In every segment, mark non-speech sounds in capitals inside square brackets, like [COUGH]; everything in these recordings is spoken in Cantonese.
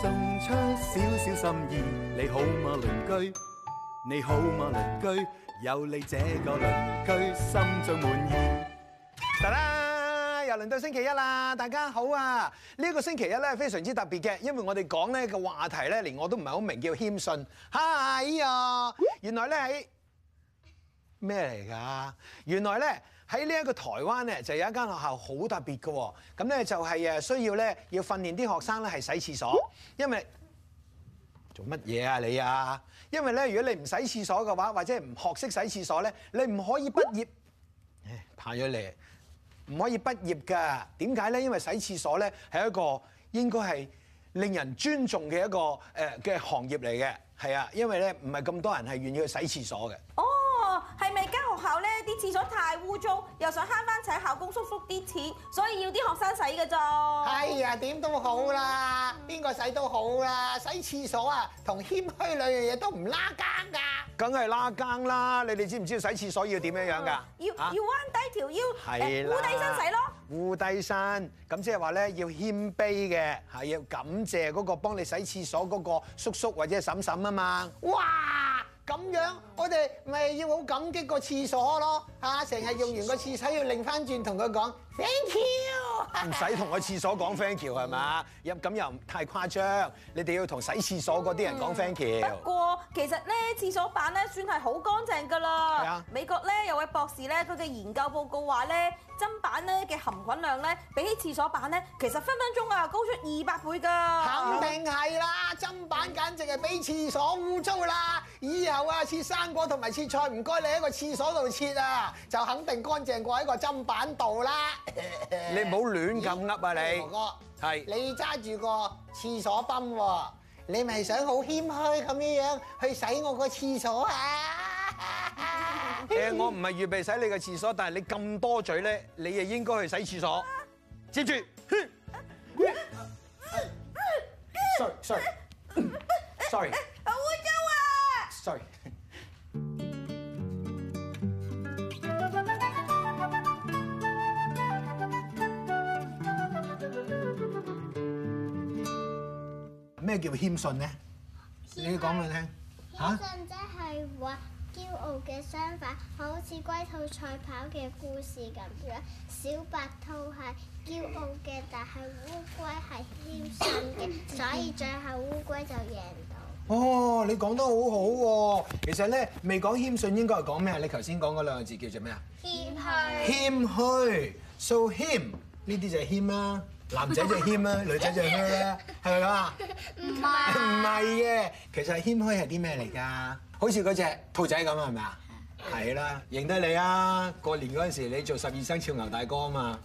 送出少少心意，你好嗎，鄰居？你好嗎，鄰居？有你這個鄰居，心中滿意。噠啦，又輪到星期一啦，大家好啊！呢個星期一咧非常之特別嘅，因為我哋講呢個話題咧連我都唔係好明白，叫謙遜。嗨依原來咧喺咩嚟噶？原來咧。喺呢一個台灣咧，就有一間學校好特別嘅，咁咧就係誒需要咧要訓練啲學生咧係洗廁所，因為做乜嘢啊你啊？因為咧，如果你唔洗廁所嘅話，或者唔學識洗廁所咧，你唔可以畢業。唉，怕咗你，唔可以畢業㗎。點解咧？因為洗廁所咧係一個應該係令人尊重嘅一個誒嘅行業嚟嘅。係啊，因為咧唔係咁多人係願意去洗廁所嘅。係咪間學校咧啲廁所太污糟，又想慳翻請校工叔叔啲錢，所以要啲學生洗嘅咋。哎呀，點都好啦，邊、嗯、個洗都好啦，洗廁所啊，同謙虛兩樣嘢都唔拉更㗎。梗係拉更啦！你哋知唔知要洗廁所要點樣樣㗎、嗯？要要彎低條腰，彎低、啊呃、身洗咯。彎低身，咁即係話咧要謙卑嘅，係要感謝嗰個幫你洗廁所嗰個叔叔或者係嬸嬸啊嘛。哇！咁樣，我哋咪要好感激個廁所咯，嚇，成日用完個廁 [LAUGHS] 洗，要擰翻轉同佢講 thank you。唔使同個廁所講 thank you 係嘛。又咁又太誇張，你哋要同洗廁所嗰啲人講 thank you。不過其實咧，廁所板咧算係好乾淨噶啦。係啊？美國咧有位博士咧，佢嘅研究報告話咧，砧板咧嘅含菌量咧，比起廁所板咧，其實分分鐘啊高出二百倍㗎。肯定係啦，砧板簡直係比廁所污糟啦。以後啊，切生果同埋切菜唔該你喺個廁所度切啊，就肯定乾淨過喺個砧板度啦。你唔好亂咁噏啊你！哥哥，係你揸住個廁所泵喎，你咪想好謙虛咁樣樣去洗我個廁所啊？誒，我唔係預備洗你個廁所，但係你咁多嘴咧，你就應該去洗廁所。接住，哼！Sorry，Sorry，Sorry。Sorry。咩叫謙遜呢？信你要講俾我聽。謙遜即係話驕傲嘅相反，好似龜兔賽跑嘅故事咁樣，小白兔係驕傲嘅，但係烏龜係謙遜嘅，所以最後烏龜就贏了。哦，你講得好好、啊、喎！其實咧，未講謙信應該係講咩？你頭先講嗰兩個字叫做咩、so、 [LAUGHS] 啊？謙虛。謙虛，so 謙呢啲就係謙啦。男仔就係謙啦，女仔就係咩啦，係咪啊？唔係。唔係嘅，其實係謙虛係啲咩嚟㗎？好似嗰隻兔仔咁係咪啊？係啦， [LAUGHS] 認得你啊！過年嗰陣時候你做十二生肖牛大哥啊嘛，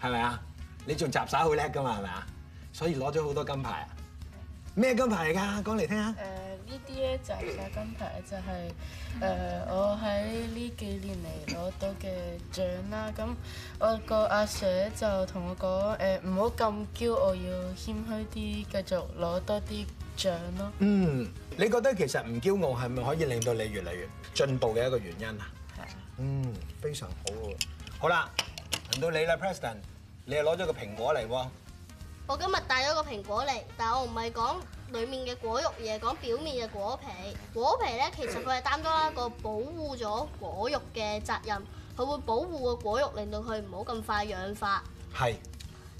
係咪啊？你仲雜耍好叻㗎嘛，係咪啊？所以攞咗好多金牌。咩金牌嚟噶？講嚟聽下。誒呢啲咧就係晒金牌，就係誒我喺呢幾年嚟攞到嘅獎啦。咁我個阿 Sir 就同我講誒，唔好咁驕傲，要謙虛啲，繼續攞多啲獎咯。嗯，你覺得其實唔驕傲係咪可以令到你越嚟越進步嘅一個原因啊？係。嗯，非常好喎。好啦，輪到你啦，President，你又攞咗個蘋果嚟喎。我今日帶咗個蘋果嚟，但係我唔係講裏面嘅果肉，而係講表面嘅果皮。果皮咧，其實佢係擔當一個保護咗果肉嘅責任，佢會保護個果肉，令到佢唔好咁快氧化。係。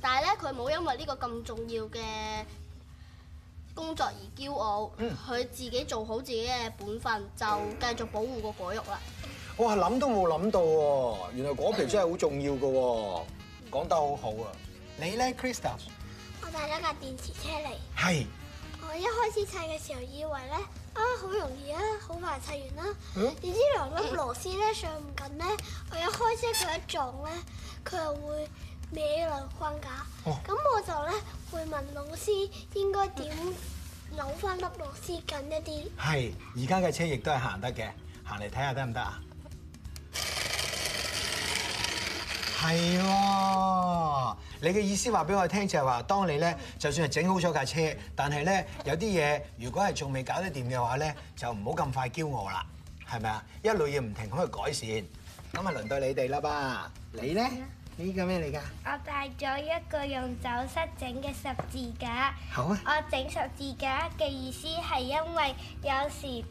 但係咧，佢冇因為呢個咁重要嘅工作而驕傲，佢自己做好自己嘅本分，就繼續保護個果肉啦。哇，諗都冇諗到，原來果皮真係好重要噶，講得好好啊！你咧，Crystal？帶咗架電池車嚟，係我一開始砌嘅時候以為咧，啊好容易啊，好快砌完啦。點知兩粒螺絲咧上唔緊咧，我一開車佢一撞咧，佢又會歪兩框架。咁、哦、我就咧會問老師應該點扭翻粒螺絲緊一啲。係，而家嘅車亦都係行得嘅，行嚟睇下得唔得啊？係喎，你嘅意思話俾我聽就係話，當你咧就算係整好咗架車，但係咧有啲嘢如果係仲未搞得掂嘅話咧，就唔好咁快驕傲啦，係咪啊？一路嘢唔停咁去改善，咁啊輪到你哋啦噃。你咧？呢個咩嚟㗎？我帶咗一個用酒室整嘅十字架。好。我整十字架嘅意思係因為有時，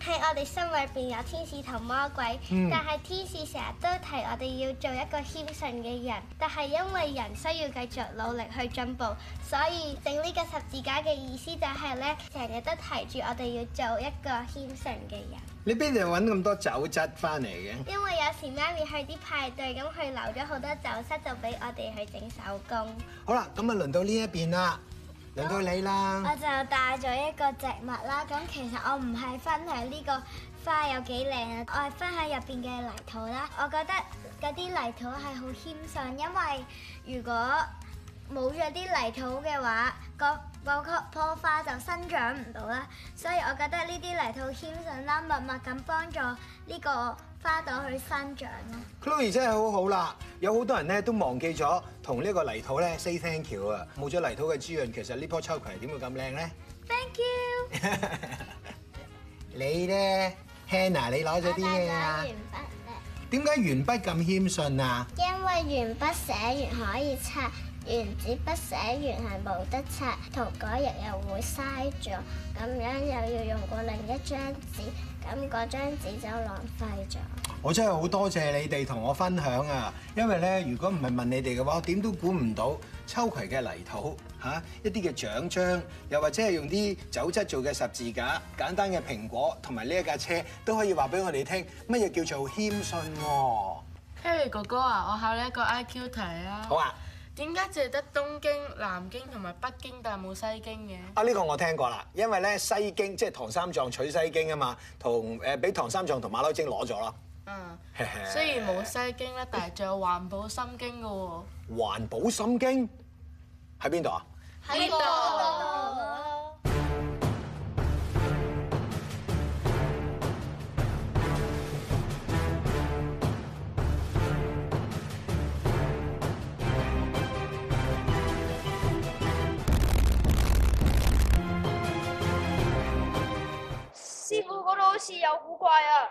係我哋心裏邊有天使同魔鬼，嗯、但係天使成日都提我哋要做一個謙遜嘅人，但係因為人需要繼續努力去進步，所以整呢個十字架嘅意思就係咧，成日都提住我哋要做一個謙遜嘅人。你邊度揾咁多酒質翻嚟嘅？因為有時媽咪去啲派對，咁佢留咗好多酒室就俾我哋去整手工。好啦，咁啊，輪到呢一邊啦。嚟到你啦！我就帶咗一個植物啦。咁其實我唔係分享呢個花有幾靚呀，我係分享入邊嘅泥土啦。我覺得嗰啲泥土係好謙信，因為如果冇咗啲泥土嘅話，嗰個、嗰棵花就生長唔到啦。所以我覺得呢啲泥土謙遜啦，默默咁幫助呢、呢個花朵去生長咯，Chloe 真係好好啦。有好多人咧都忘記咗同呢個泥土咧 say thank you 啊！冇咗泥土嘅滋潤，其實呢樖秋葵點會咁靚咧？Thank you。你咧，Hannah，你攞咗啲嘢啊？點解鉛筆咁謙遜啊？因為鉛筆寫完可以擦，原子筆寫完係冇得擦，塗改液又會嘥咗，咁樣又要用過另一張紙。咁嗰張紙就浪費咗。我真係好多謝你哋同我分享啊！因為咧，如果唔係問你哋嘅話，點都估唔到秋葵嘅泥土嚇、啊，一啲嘅獎章，又或者係用啲酒質做嘅十字架，簡單嘅蘋果，同埋呢一架車，都可以話俾我哋聽乜嘢叫做謙信喎、啊。Harry 哥哥啊，我考你一個 I Q 題啊。好啊。點解淨係得東京、南京同埋北京，但係冇西京嘅？啊，呢個我聽過啦，因為咧西京，即係唐三藏取西京啊嘛，同誒俾唐三藏同馬騮精攞咗囉。嗯，雖然冇西京，咧，但係仲有環保心經㗎喎。環保心經喺邊度啊？喺呢度。在這裡。係有古怪啊！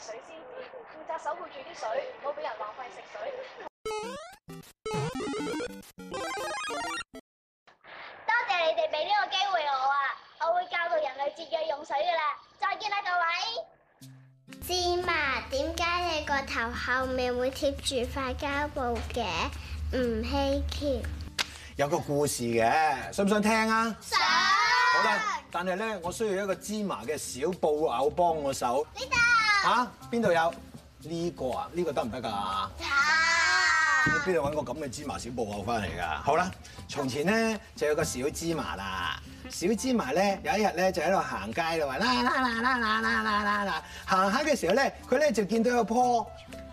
水先，負責守護住啲水，唔好俾人浪費食水。多謝你哋俾呢個機會我啊，我會教導人類節約用水噶啦。再見啦各位。芝麻，點解你個頭後面會貼住塊膠布嘅？唔稀奇。有個故事嘅，想唔想聽啊？想。好啦，但係咧，我需要一個芝麻嘅小布偶幫我手。吓，邊度有呢個啊？呢個得唔得㗎？邊度揾個咁嘅芝麻小布偶翻嚟㗎？好啦，從前咧就有個小芝麻啦。小芝麻咧有一日咧就喺度行街，就話啦啦啦啦啦啦啦啦。行下嘅時候咧，佢咧就見到有棵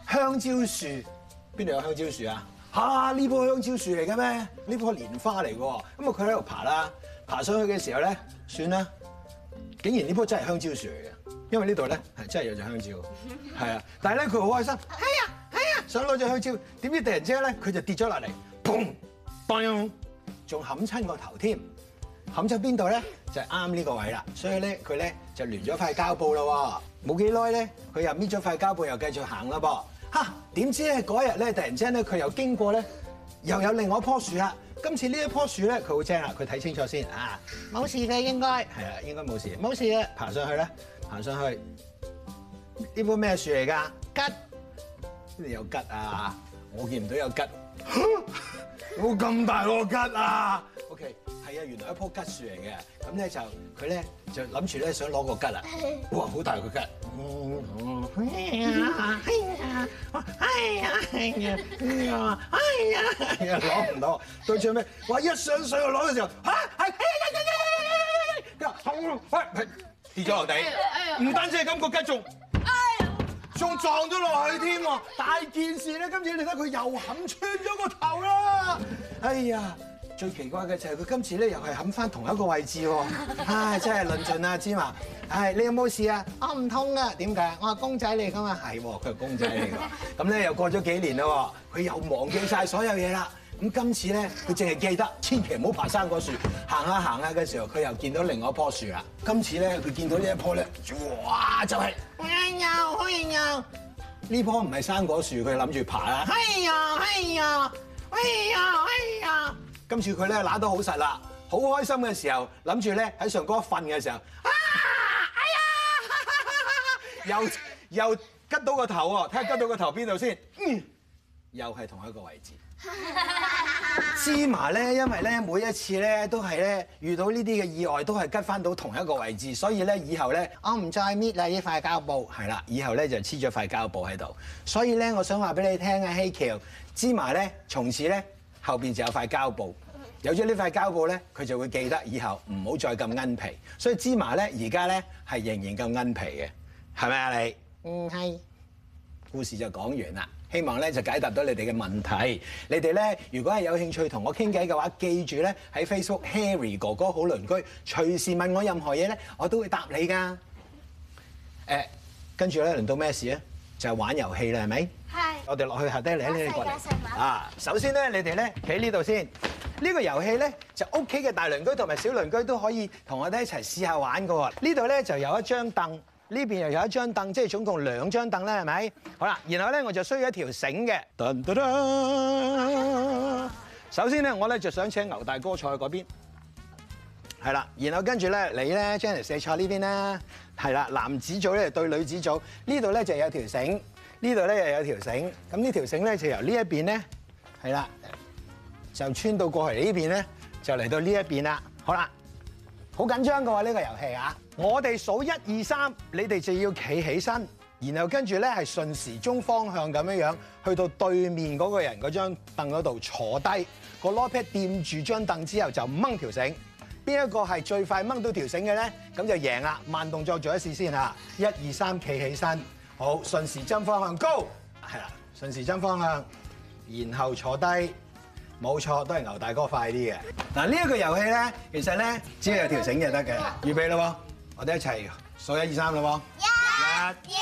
香蕉樹。邊度有香蕉樹啊？吓，呢棵香蕉樹嚟嘅咩？呢棵係蓮花嚟㗎。咁啊，佢喺度爬啦，爬上去嘅時候咧，算啦，竟然呢棵真係香蕉樹嚟嘅。因為呢度咧係真係有隻香蕉，係啊！但係咧佢好開心，係啊，係啊，想攞隻香蕉，點知突然之間咧佢就跌咗落嚟，砰噹，仲冚親個頭添，冚咗邊度咧就啱係呢個位啦。所以咧佢咧就攣咗塊膠布咯。冇幾耐咧佢又搣咗塊膠布，又繼續行啦噃。吓，點知咧嗰日咧突然之間咧佢又經過咧又有另外一棵樹啦。今次呢一棵樹咧佢好正呀，佢睇清楚先啊，冇事嘅應該係啊，應該冇事，冇事嘅，爬上去咧。行上去，呢棵咩樹嚟噶？桔？邊度有桔啊？我見唔到有桔。好咁大個桔啊！OK，係啊，原來一樖桔樹嚟嘅。咁咧就佢咧就諗住咧想攞個桔啊！哇，好大個桔！哎呀哎呀哎呀哎呀哎呀！攞唔到，對住咩？哇！一上上去攞嘅時候，嚇、啊、係！哎呀呀呀呀呀呀呀呀！啊啊啊啊啊啊跌咗落地，唔單止係咁，個吉仲，仲撞咗落去添喎！大件事咧，今次你睇佢又冚穿咗個頭啦！哎呀，最奇怪嘅就係佢今次咧又係冚翻同一個位置喎！唉，真係論盡啊芝麻！唉，你有冇事啊？我唔痛啊，點解？我話公仔嚟噶嘛，係喎，佢係公仔嚟嘅。咁咧又過咗幾年喎，佢又忘記晒所有嘢啦。咁今次咧，佢淨係記得千祈唔好爬山嗰樹。行下行下嘅時候，佢又見到另外一棵樹啊！今次咧，佢見到呢一棵咧，哇！就係，好靚啊，好型啊，呢棵唔係生果樹，佢諗住爬啦。哎呀，哎呀，哎呀，哎呀！今次佢咧揦到好實啦，好開心嘅時候，諗住咧喺上高瞓嘅時候，啊！哎呀！又看看又吉到個頭喎，睇下吉到個頭邊度先？嗯！又係同一個位置。 [LAUGHS] 芝麻咧，因為咧每一次咧都係咧遇到呢啲嘅意外，都係吉翻到同一個位置，所以咧以後咧，我唔再搣啦呢塊膠布，係啦，以後咧就黐咗塊膠布喺度。所以咧，我想話俾你聽啊，希喬，芝麻咧，從此咧後邊就有塊膠布，有咗呢塊膠布咧，佢就會記得以後唔好再咁奀皮。所以芝麻咧而家咧係仍然咁奀皮嘅，係咪啊你？嗯，係。故事就講完啦。希望咧就解答到你哋嘅問題，你呢。你哋咧如果係有興趣同我傾偈嘅話，記住咧喺 Facebook Harry 哥哥好鄰居，隨時問我任何嘢咧，我都會答你噶、嗯。跟住咧輪到咩事咧？就係、係、玩遊戲啦，係咪？我哋落去下低嚟咧。你哋過嚟啊，首先咧，你哋咧企呢度先。呢、呢個遊戲咧，就屋企嘅大鄰居同埋小鄰居都可以同我哋一齊試下玩嘅。呢度咧就有一張凳。呢邊又有一張凳，即係總共兩張凳啦，係咪？好啦，然後咧我就需要一條繩嘅。首先咧，我咧就想請牛大哥坐去嗰邊，係啦。然後跟住咧，你咧 Janice 你坐呢邊啦，係啦。男子組咧對女子組，呢度咧就有條繩，呢度咧又有條繩。咁呢條繩咧就由呢一邊咧，係啦，就穿到過去呢邊咧，就嚟到呢一邊啦。好啦。好緊張㗎喎呢個遊戲啊！我哋數一二三，你哋就要企起身，然後跟住咧係順時鐘方向咁樣樣去到對面嗰個人嗰張凳嗰度坐低，個 lope 掂住張凳之後就掹條繩。邊一個係最快掹到條繩嘅咧？咁就贏啦！慢動作做一次先啊！一二三，企起身，好，順時針方向 Go，係啦，順時針方向，然後坐低。冇錯，都係牛大哥快啲嘅。嗱，呢一個遊戲咧，其實咧只要有條繩就得嘅，預備啦喎，我哋一齊數一二三啦喎，一、二、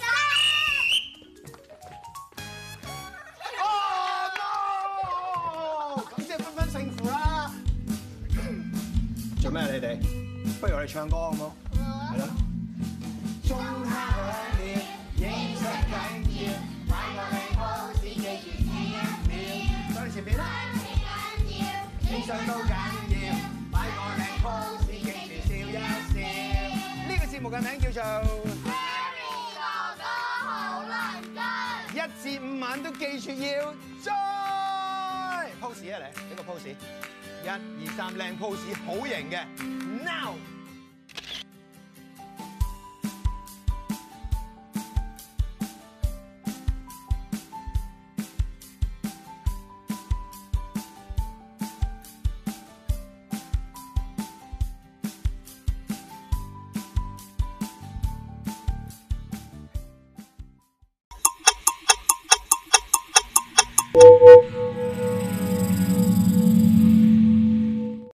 三，哦，咁即係分分勝負啦！做咩你哋？不如我哋唱歌好唔好？係啦、啊。記住笑一笑，呢個節目嘅名叫做。一至五晚都記住要追。pose 啊，嚟，一個 pose，一二三，靚 pose，好型嘅。